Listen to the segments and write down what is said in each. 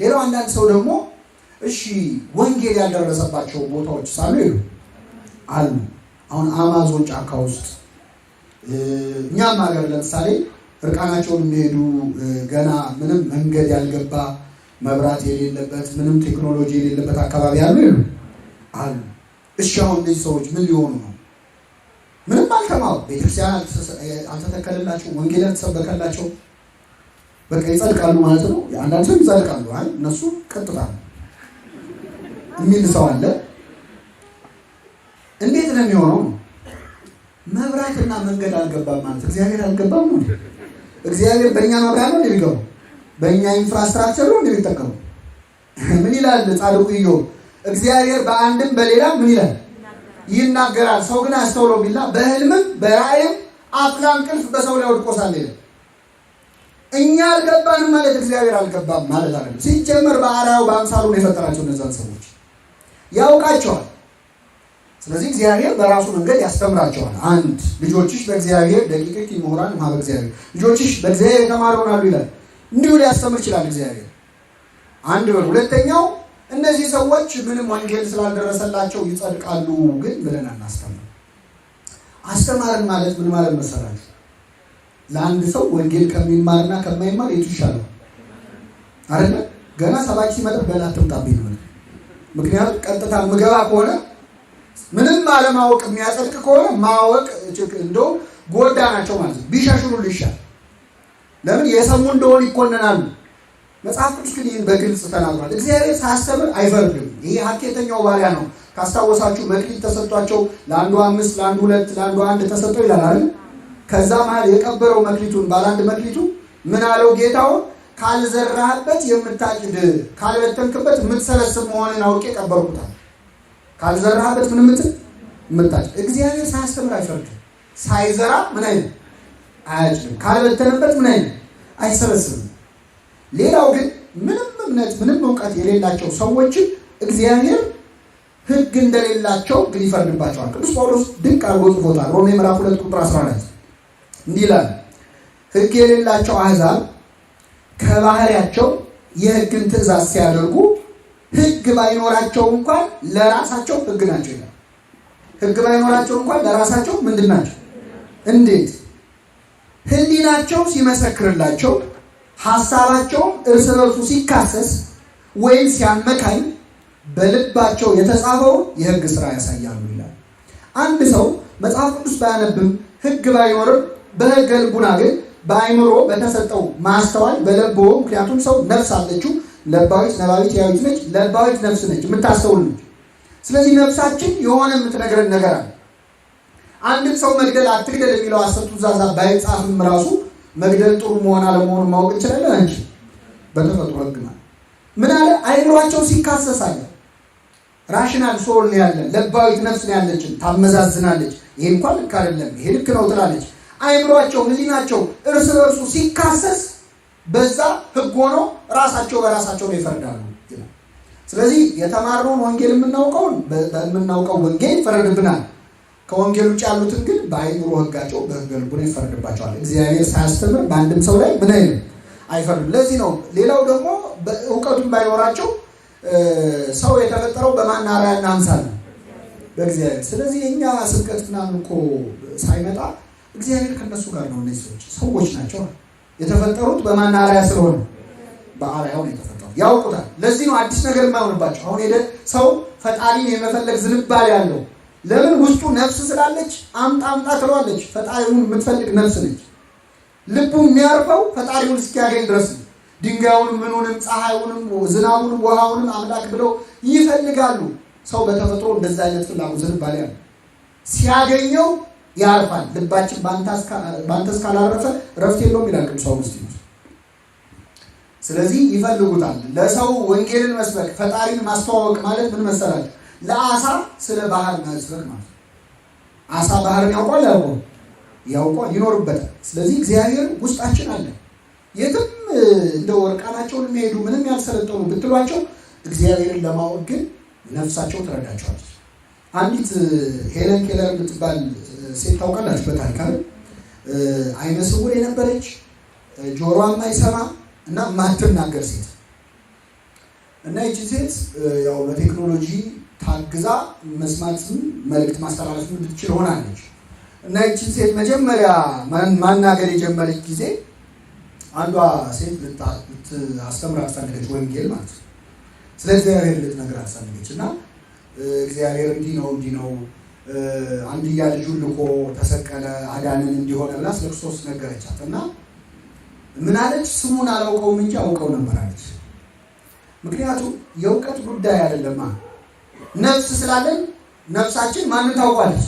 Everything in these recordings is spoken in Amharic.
ሌላው አንዳንድ ሰው ደግሞ እሺ ወንጌል ያልደረሰባቸው ቦታዎች ሳሉ ይሉ አሉ። አሁን አማዞን ጫካ ውስጥ እኛም ሀገር ለምሳሌ እርቃናቸውን የሚሄዱ ገና ምንም መንገድ ያልገባ መብራት የሌለበት ምንም ቴክኖሎጂ የሌለበት አካባቢ አሉ ይሉ አሉ። እሺ አሁን እነዚህ ሰዎች ምን ሊሆኑ ነው? ምንም አልተማሩ፣ ቤተክርስቲያን አልተተከለላቸው፣ ወንጌል አልተሰበከላቸው በቃ ይጸድቃሉ ማለት ነው። አንዳንድ ሰው ይጸድቃሉ፣ አይ እነሱ ቀጥታ የሚል ሰው አለ። እንዴት ነው የሚሆነው? መብራትና መንገድ አልገባም ማለት እግዚአብሔር አልገባም ነው። እግዚአብሔር በእኛ መብራት ነው እንደሚገቡ በእኛ ኢንፍራስትራክቸር ነው እንደሚጠቀሙ። ምን ይላል ጻድቁ ዮ እግዚአብሔር በአንድም በሌላ ምን ይላል ይናገራል። ሰው ግን አስተውሎ ቢላ በህልምም በራእይም አፍላ እንቅልፍ በሰው ላይ ወድቆሳል ይላል እኛ አልገባንም ማለት እግዚአብሔር አልገባም ማለት አለ። ሲጀመር በአርአያው በአምሳሉ ነው የፈጠራቸው እነዛን ሰዎች ያውቃቸዋል። ስለዚህ እግዚአብሔር በራሱ መንገድ ያስተምራቸዋል። አንድ ልጆችሽ በእግዚአብሔር ደቂቅ ምሁራን ማ በእግዚአብሔር ልጆችሽ በእግዚአብሔር የተማሩ ሆናሉ ይላል። እንዲሁ ሊያስተምር ይችላል እግዚአብሔር። አንድ በል ሁለተኛው እነዚህ ሰዎች ምንም ወንጌል ስላልደረሰላቸው ይጸድቃሉ ግን ብለን አናስተምር። አስተማርን ማለት ምን ማለት መሰላችሁ? ለአንድ ሰው ወንጌል ከሚማርና ከማይማር የቱ ይሻላል? አይደለ? ገና ሰባኪ ሲመጣ ገና አትምጣብኝ ነው። ምክንያቱም ቀጥታ ምገባ ከሆነ ምንም አለማወቅ የሚያጸድቅ ከሆነ ማወቅ እንደው ጎዳ ናቸው ማለት ነው። ልሻ ይሻል። ለምን የሰሙ እንደሆነ ይኮነናሉ። መጽሐፍ ቅዱስ ግን ይህን በግልጽ ተናግሯል። እግዚአብሔር ሳያስተምር አይፈርድም። ይሄ ሀኬተኛው ባሪያ ነው። ካስታወሳችሁ መክሊት ተሰጥቷቸው ለአንዱ አምስት፣ ለአንዱ ሁለት፣ ለአንዱ አንድ ተሰጥቶ ይላል አይደል? ከዛ መሀል የቀበረው መክሊቱን ባለአንድ መክሊቱ ምን አለው ጌታውን ካልዘራህበት የምታጭድ ካልበተንክበት የምትሰበስብ መሆንን አውቄ ቀበርኩታል። ካልዘራህበት ምን ምት ምታጭ እግዚአብሔር ሳያስተምር አይፈርድም። ሳይዘራ ምን አይነት አያጭድም። ካልበተንበት ምን አይነት አይሰበስብም። ሌላው ግን ምንም እምነት ምንም እውቀት የሌላቸው ሰዎችን እግዚአብሔር ህግ እንደሌላቸው ግን ይፈርድባቸዋል። ቅዱስ ጳውሎስ ድንቅ አድርጎ ጽፎታል። ሮሜ ምዕራፍ ሁለት ቁጥር 14 እንዲህ ይላል፣ ሕግ የሌላቸው አሕዛብ ከባህሪያቸው የሕግን ትእዛዝ ሲያደርጉ ሕግ ባይኖራቸው እንኳን ለራሳቸው ሕግ ናቸው ይላል። ሕግ ባይኖራቸው እንኳን ለራሳቸው ምንድን ናቸው? እንዴት ሕሊናቸው ሲመሰክርላቸው፣ ሀሳባቸው እርስ በርሱ ሲካሰስ ወይም ሲያመካኝ በልባቸው የተጻፈውን የሕግ ስራ ያሳያሉ ይላል። አንድ ሰው መጽሐፍ ቅዱስ ባያነብም ሕግ ባይኖርም ልቡና ግን በአይምሮ በተሰጠው ማስተዋል በለቦ ምክንያቱም ሰው ነፍስ አለችው። ለባዊት ነባቢት ያዊት ነች። ለባዊት ነፍስ ነች፣ የምታስተውል ነች። ስለዚህ ነፍሳችን የሆነ የምትነግረን ነገር አለ። አንድም ሰው መግደል አትግደል የሚለው አስርቱ ትእዛዛት ባይጻፍም ራሱ መግደል ጥሩ መሆን አለመሆኑ ማወቅ እንችላለን። እንጂ በተፈጥሮ ህግ ማለት ምን አለ አይምሯቸው ሲካሰሳለ ራሽናል ሶል ነው ያለን። ለባዊት ነፍስ ነው ያለችን፣ ታመዛዝናለች። ይሄ እንኳን ልክ አይደለም፣ ይሄ ልክ ነው ትላለች አይምሯቸው ህሊናቸው እርስ በርሱ ሲካሰስ በዛ ህግ ሆኖ ራሳቸው በራሳቸው ነው ይፈርዳሉ። ስለዚህ የተማርነውን ወንጌል የምናውቀውን በምናውቀው ወንጌል ይፈረድብናል። ከወንጌል ውጭ ያሉትን ግን በአይምሮ ህጋቸው በህገ ልቡና ይፈረድባቸዋል። እግዚአብሔር ሳያስተምር በአንድም ሰው ላይ ምን አይልም አይፈርድም። ለዚህ ነው ሌላው ደግሞ እውቀቱን ባይኖራቸው ሰው የተፈጠረው በማን አርአያና አምሳል በእግዚአብሔር። ስለዚህ እኛ ስብከት ምናምን እኮ ሳይመጣ እግዚአብሔር ከነሱ ጋር ነው። እነዚህ ሰዎች ሰዎች ናቸው የተፈጠሩት በማን አርያ ስለሆነ በአርያው ነው የተፈጠሩት። ያውቁታል። ለዚህ ነው አዲስ ነገር የማይሆንባቸው። አሁን ሄደ ሰው ፈጣሪን የመፈለግ ዝንባሌ ያለው ለምን ውስጡ ነፍስ ስላለች አምጣ አምጣ ትለዋለች። ፈጣሪውን የምትፈልግ ነፍስ ነች። ልቡ የሚያርፈው ፈጣሪውን እስኪያገኝ ድረስ ነው። ድንጋዩን ምኑንም፣ ፀሐዩንም፣ ዝናቡንም፣ ውሃውንም አምላክ ብለው ይፈልጋሉ። ሰው በተፈጥሮ እንደዛ አይነት ፍላጎት ዝንባሌ ያለው ሲያገኘው ያርፋል። ልባችን በአንተ እስካላረፈ ረፍት የለውም ይላል ቅዱስ አውግስጢኖስ። ስለዚህ ይፈልጉታል። ለሰው ወንጌልን መስበክ ፈጣሪን ማስተዋወቅ ማለት ምን መሰላል? ለአሳ ስለ ባህር መስበክ ማለት አሳ ባህርን ያውቋል፣ ያውቆ ያውቋ ይኖርበታል። ስለዚህ እግዚአብሔር ውስጣችን አለ። የትም እንደ ወርቃናቸውን የሚሄዱ ምንም ያልሰለጠኑ ብትሏቸው እግዚአብሔርን ለማወቅ ግን ነፍሳቸው ትረዳቸዋለች። አንዲት ሄለን ኬለር የምትባል ሴት ታውቃላችሁ በታሪክ አይደል? አይነ ስውር የነበረች ጆሮዋ የማይሰማ እና ማትናገር ሴት እና ይቺ ሴት ያው በቴክኖሎጂ ታግዛ መስማትም መልእክት ማስተላለፍ እንድትችል ሆናለች። እና ይቺ ሴት መጀመሪያ ማናገር የጀመረች ጊዜ አንዷ ሴት ልታስተምር አሳነገች፣ ወንጌል ማለት ነው። ስለ እግዚአብሔር ልትነግር አሳነገች እና እግዚአብሔር እንዲህ ነው እንዲህ ነው አንድያ ልጁን ልኮ ተሰቀለ አዳንን እንዲሆነ ብላ ስለ ክርስቶስ ነገረቻት እና ምን አለች? ስሙን አላውቀውም እንጂ አውቀው ነበር አለች። ምክንያቱም የእውቀት ጉዳይ አይደለማ። ነፍስ ስላለን ነፍሳችን ማንን ታውቋለች?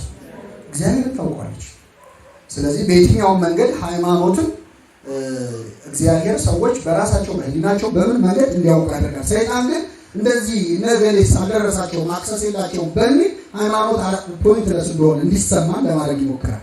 እግዚአብሔር ታውቋለች። ስለዚህ በየትኛውም መንገድ ሃይማኖትን እግዚአብሔር ሰዎች በራሳቸው በህሊናቸው በምን መንገድ እንዲያውቁ ያደርጋል። ሰይጣን ግን እንደዚህ ነገሌስ አልደረሳቸውም፣ ማክሰስ የላቸውም በሚል ሃይማኖት ፖይንትለስ እንደሆነ እንዲሰማን ለማድረግ ይሞክራል።